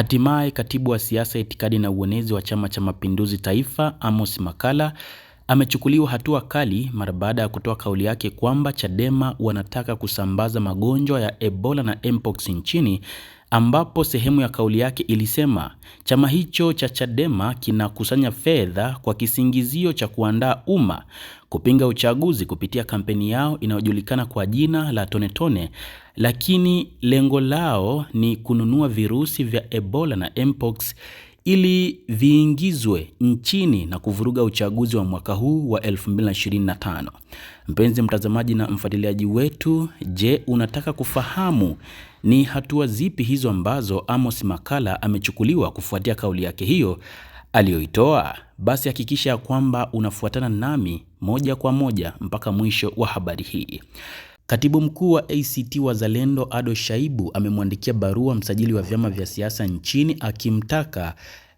Hatimaye katibu wa siasa, itikadi na uenezi wa Chama cha Mapinduzi Taifa, Amos makala amechukuliwa hatua kali mara baada ya kutoa kauli yake kwamba Chadema wanataka kusambaza magonjwa ya Ebola na Mpox nchini ambapo sehemu ya kauli yake ilisema chama hicho cha Chadema kinakusanya fedha kwa kisingizio cha kuandaa umma kupinga uchaguzi kupitia kampeni yao inayojulikana kwa jina la Tonetone tone, lakini lengo lao ni kununua virusi vya Ebola na Mpox ili viingizwe nchini na kuvuruga uchaguzi wa mwaka huu wa 2025. Mpenzi mtazamaji na mfuatiliaji wetu, je, unataka kufahamu ni hatua zipi hizo ambazo Amos Makala amechukuliwa kufuatia kauli yake hiyo aliyoitoa? Basi hakikisha kwamba unafuatana nami moja kwa moja mpaka mwisho wa habari hii. Katibu mkuu wa ACT Wazalendo Ado Shaibu amemwandikia barua msajili wa vyama vya siasa nchini akimtaka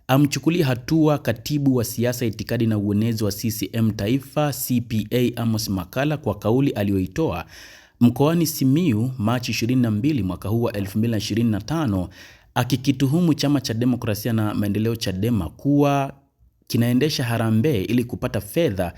amchukulie hatua katibu wa siasa itikadi na uenezi wa CCM Taifa CPA Amos makala kwa kauli aliyoitoa Mkoani Simiyu Machi 22 mwaka huu wa 2025 akikituhumu Chama cha Demokrasia na Maendeleo Chadema kuwa kinaendesha harambee ili kupata fedha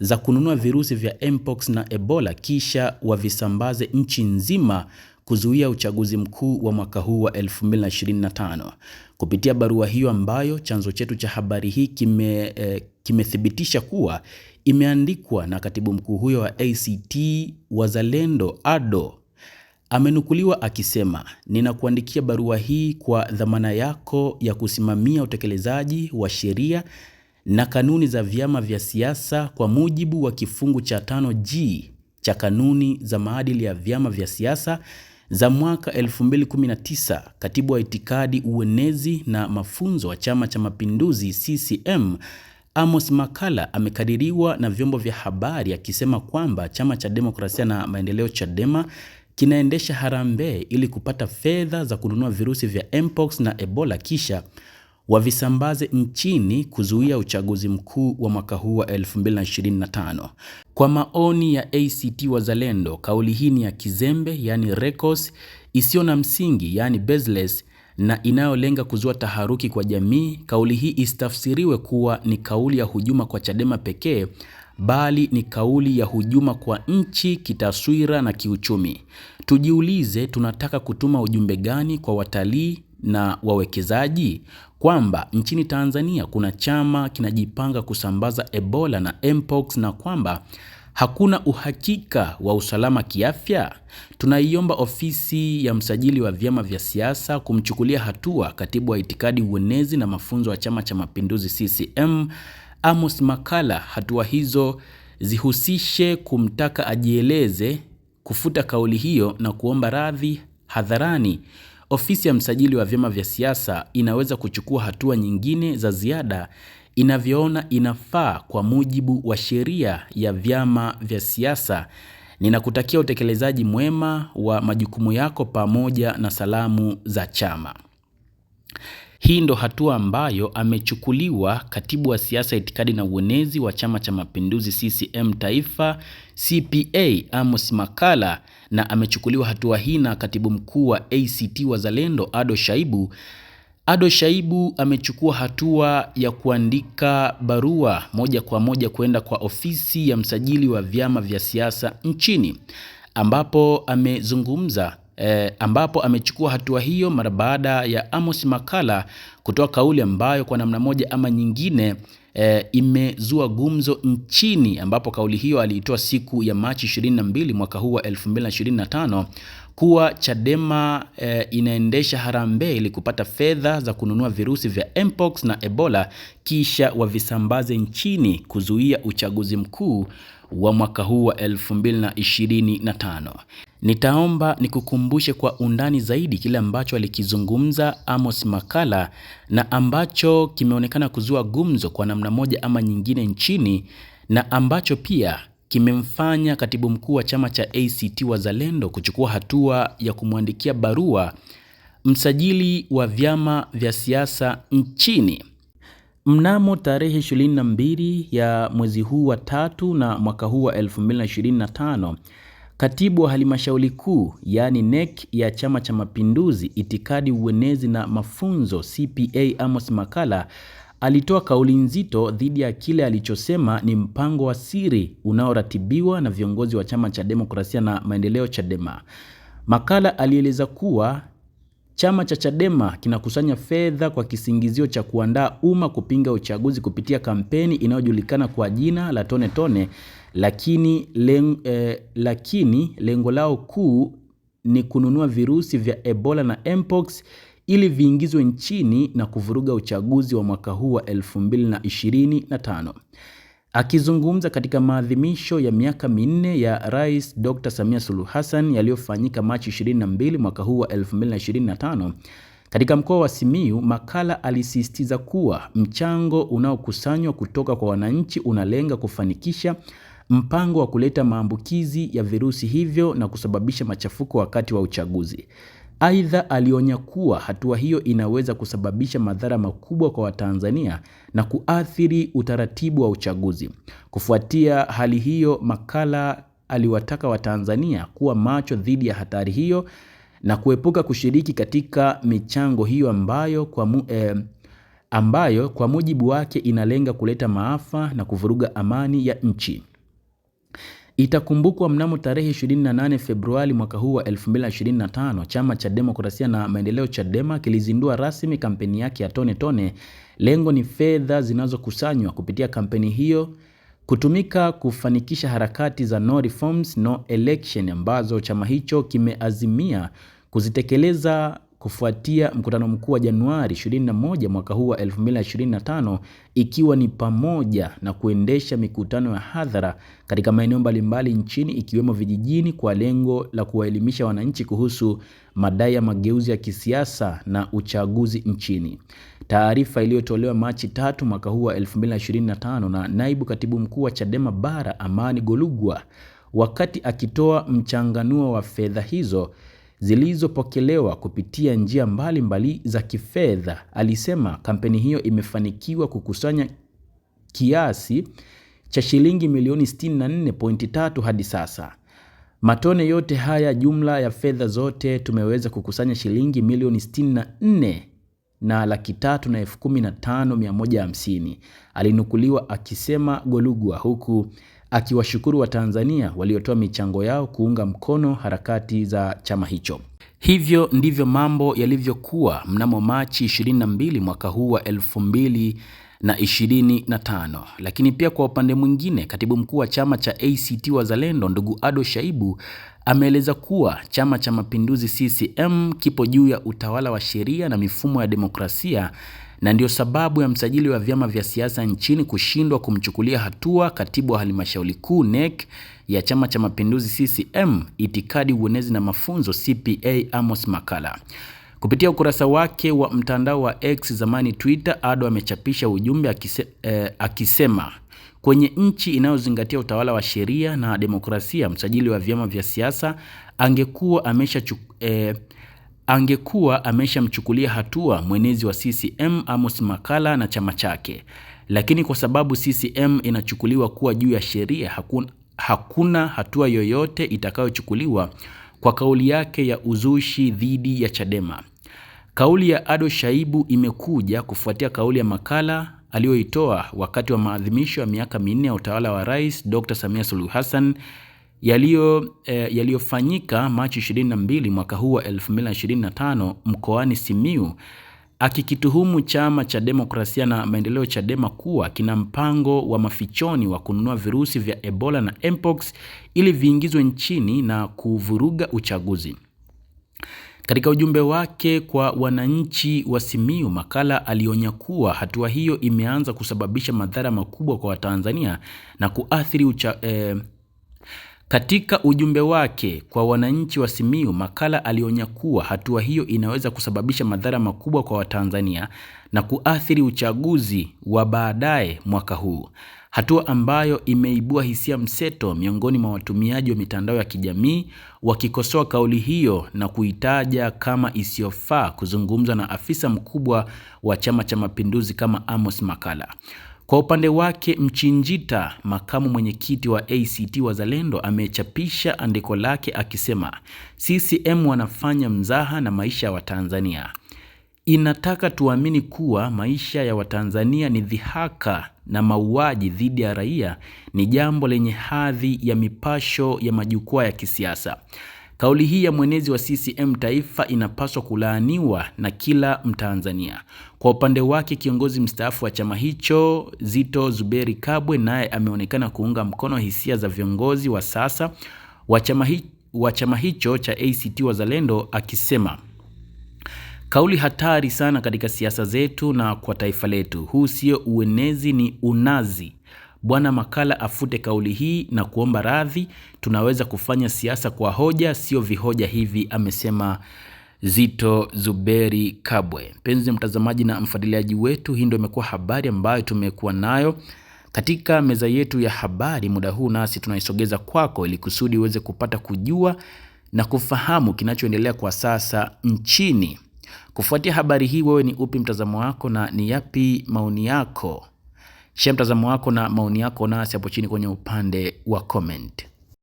za kununua virusi vya mpox na Ebola kisha wavisambaze nchi nzima kuzuia uchaguzi mkuu wa mwaka huu wa 2025. Kupitia barua hiyo ambayo chanzo chetu cha habari hii kime, eh, kimethibitisha kuwa imeandikwa na katibu mkuu huyo wa ACT Wazalendo Ado. Amenukuliwa akisema, ninakuandikia barua hii kwa dhamana yako ya kusimamia utekelezaji wa sheria na kanuni za vyama vya siasa kwa mujibu wa kifungu cha 5G cha kanuni za maadili ya vyama vya siasa za mwaka 2019. Katibu wa itikadi, uenezi na mafunzo wa Chama cha Mapinduzi CCM Amos Makala amekadiriwa na vyombo vya habari akisema kwamba chama cha demokrasia na maendeleo Chadema kinaendesha harambee ili kupata fedha za kununua virusi vya mpox na Ebola kisha wavisambaze nchini kuzuia uchaguzi mkuu wa mwaka huu wa 2025. Kwa maoni ya ACT Wazalendo, kauli hii ni ya kizembe, yaani reckless, isiyo na msingi, yani baseless na inayolenga kuzua taharuki kwa jamii, kauli hii isitafsiriwe kuwa ni kauli ya hujuma kwa Chadema pekee bali ni kauli ya hujuma kwa nchi kitaswira na kiuchumi. Tujiulize, tunataka kutuma ujumbe gani kwa watalii na wawekezaji? Kwamba nchini Tanzania kuna chama kinajipanga kusambaza Ebola na Mpox na kwamba hakuna uhakika wa usalama kiafya? Tunaiomba ofisi ya msajili wa vyama vya siasa kumchukulia hatua katibu wa itikadi, uenezi na mafunzo wa Chama cha Mapinduzi CCM Amos makala Hatua hizo zihusishe kumtaka ajieleze, kufuta kauli hiyo na kuomba radhi hadharani. Ofisi ya msajili wa vyama vya siasa inaweza kuchukua hatua nyingine za ziada inavyoona inafaa kwa mujibu wa sheria ya vyama vya siasa. Ninakutakia utekelezaji mwema wa majukumu yako pamoja na salamu za chama. Hii ndo hatua ambayo amechukuliwa katibu wa siasa, itikadi na uenezi wa Chama cha Mapinduzi CCM Taifa CPA Amos makala na amechukuliwa hatua hii na katibu mkuu wa ACT Wazalendo Ado Shaibu Ado Shaibu amechukua hatua ya kuandika barua moja kwa moja kwenda kwa ofisi ya msajili wa vyama vya siasa nchini ambapo amezungumza eh, ambapo amechukua hatua hiyo mara baada ya Amos makala kutoa kauli ambayo kwa namna moja ama nyingine e, imezua gumzo nchini ambapo kauli hiyo aliitoa siku ya Machi 22 mwaka huu wa 2025 kuwa Chadema e, inaendesha harambee ili kupata fedha za kununua virusi vya mpox na Ebola kisha wavisambaze nchini kuzuia uchaguzi mkuu wa mwaka huu wa 2025. Nitaomba nikukumbushe kwa undani zaidi kile ambacho alikizungumza Amos Makala na ambacho kimeonekana kuzua gumzo kwa namna moja ama nyingine nchini na ambacho pia kimemfanya katibu mkuu wa chama cha ACT Wazalendo kuchukua hatua ya kumwandikia barua msajili wa vyama vya siasa nchini. Mnamo tarehe 22 ya mwezi huu wa tatu na mwaka huu wa 2025 Katibu wa halmashauri kuu yaani NEC ya Chama cha Mapinduzi itikadi, uenezi na mafunzo CPA Amos makala alitoa kauli nzito dhidi ya kile alichosema ni mpango wa siri unaoratibiwa na viongozi wa Chama cha Demokrasia na Maendeleo Chadema. makala alieleza kuwa chama cha Chadema kinakusanya fedha kwa kisingizio cha kuandaa umma kupinga uchaguzi kupitia kampeni inayojulikana kwa jina la tone tone lakini, len, eh, lakini lengo lao kuu ni kununua virusi vya Ebola na Mpox ili viingizwe nchini na kuvuruga uchaguzi wa mwaka huu wa 2025. Akizungumza katika maadhimisho ya miaka minne ya Rais Dr. Samia Suluhu Hassan yaliyofanyika Machi 22 mwaka huu wa 2025 katika mkoa wa Simiyu, Makalla alisisitiza kuwa mchango unaokusanywa kutoka kwa wananchi unalenga kufanikisha mpango wa kuleta maambukizi ya virusi hivyo na kusababisha machafuko wakati wa uchaguzi. Aidha, alionya kuwa hatua hiyo inaweza kusababisha madhara makubwa kwa Watanzania na kuathiri utaratibu wa uchaguzi. Kufuatia hali hiyo, Makalla aliwataka Watanzania kuwa macho dhidi ya hatari hiyo na kuepuka kushiriki katika michango hiyo ambayo kwa mu, eh, ambayo kwa mujibu wake inalenga kuleta maafa na kuvuruga amani ya nchi. Itakumbukwa mnamo tarehe 28 Februari mwaka huu wa 2025, chama cha demokrasia na maendeleo Chadema kilizindua rasmi kampeni yake ya tone tone. Lengo ni fedha zinazokusanywa kupitia kampeni hiyo kutumika kufanikisha harakati za no reforms no election ambazo chama hicho kimeazimia kuzitekeleza kufuatia mkutano mkuu wa Januari 21 mwaka huu wa 2025 ikiwa ni pamoja na kuendesha mikutano ya hadhara katika maeneo mbalimbali nchini ikiwemo vijijini kwa lengo la kuwaelimisha wananchi kuhusu madai ya mageuzi ya kisiasa na uchaguzi nchini. Taarifa iliyotolewa Machi tatu mwaka huu wa 2025 na naibu katibu mkuu wa Chadema Bara Amani Golugwa wakati akitoa mchanganuo wa fedha hizo zilizopokelewa kupitia njia mbalimbali mbali za kifedha. Alisema kampeni hiyo imefanikiwa kukusanya kiasi cha shilingi milioni 64.3 hadi sasa. Matone yote haya, jumla ya fedha zote, tumeweza kukusanya shilingi milioni 64 na laki tatu na elfu kumi na tano mia moja hamsini, alinukuliwa akisema Golugwa, huku akiwashukuru Watanzania waliotoa michango yao kuunga mkono harakati za chama hicho. Hivyo ndivyo mambo yalivyokuwa mnamo Machi 22 mwaka huu wa 2025. Lakini pia kwa upande mwingine, katibu mkuu wa chama cha ACT Wazalendo ndugu Ado Shaibu ameeleza kuwa Chama cha Mapinduzi CCM kipo juu ya utawala wa sheria na mifumo ya demokrasia na ndio sababu ya msajili wa vyama vya siasa nchini kushindwa kumchukulia hatua katibu wa halmashauri kuu NEC ya Chama cha Mapinduzi CCM itikadi, uenezi na mafunzo CPA Amos Makala. Kupitia ukurasa wake wa mtandao wa X zamani Twitter, Ado amechapisha ujumbe akise, eh, akisema kwenye nchi inayozingatia utawala wa sheria na demokrasia, msajili wa vyama vya siasa angekuwa amesha eh, angekuwa ameshamchukulia hatua mwenezi wa CCM Amos makala na chama chake, lakini kwa sababu CCM inachukuliwa kuwa juu ya sheria, hakuna, hakuna hatua yoyote itakayochukuliwa kwa kauli yake ya uzushi dhidi ya Chadema. Kauli ya Ado Shaibu imekuja kufuatia kauli ya makala aliyoitoa wakati wa maadhimisho ya miaka minne ya utawala wa Rais Dr. Samia Suluhu Hassan yaliyo eh, yaliyofanyika Machi 22 mwaka huu wa 2025 mkoani Simiu akikituhumu chama cha demokrasia na maendeleo Chadema kuwa kina mpango wa mafichoni wa kununua virusi vya Ebola na Mpox ili viingizwe nchini na kuvuruga uchaguzi. Katika ujumbe wake kwa wananchi wa Simiyu, Makalla alionya kuwa hatua hiyo imeanza kusababisha madhara makubwa kwa Watanzania na kuathiri ucha, eh, katika ujumbe wake kwa wananchi wa Simiyu, Makalla alionya kuwa hatua hiyo inaweza kusababisha madhara makubwa kwa Watanzania na kuathiri uchaguzi wa baadaye mwaka huu, hatua ambayo imeibua hisia mseto miongoni mwa watumiaji wa mitandao ya kijamii wakikosoa kauli hiyo na kuitaja kama isiyofaa kuzungumza na afisa mkubwa wa Chama cha Mapinduzi kama Amos Makalla. Kwa upande wake, Mchinjita, makamu mwenyekiti wa ACT Wazalendo, amechapisha andiko lake akisema CCM wanafanya mzaha na maisha ya wa Watanzania. Inataka tuamini kuwa maisha ya Watanzania ni dhihaka na mauaji dhidi ya raia ni jambo lenye hadhi ya mipasho ya majukwaa ya kisiasa. Kauli hii ya mwenezi wa CCM taifa inapaswa kulaaniwa na kila Mtanzania. Kwa upande wake, kiongozi mstaafu wa chama hicho Zito Zuberi Kabwe naye ameonekana kuunga mkono hisia za viongozi wa sasa wa chama hicho wa chama hicho cha ACT Wazalendo akisema kauli hatari sana katika siasa zetu na kwa taifa letu. Huu sio uenezi, ni unazi. Bwana Makala afute kauli hii na kuomba radhi. Tunaweza kufanya siasa kwa hoja, sio vihoja hivi, amesema Zito Zuberi Kabwe. Mpenzi mtazamaji na mfuatiliaji wetu, hii ndio imekuwa habari ambayo tumekuwa nayo katika meza yetu ya habari muda huu, nasi tunaisogeza kwako ili kusudi uweze kupata kujua na kufahamu kinachoendelea kwa sasa nchini. Kufuatia habari hii, wewe ni upi mtazamo wako na ni yapi maoni yako? Shia mtazamo wako na maoni yako nasi hapo chini kwenye upande wa comment.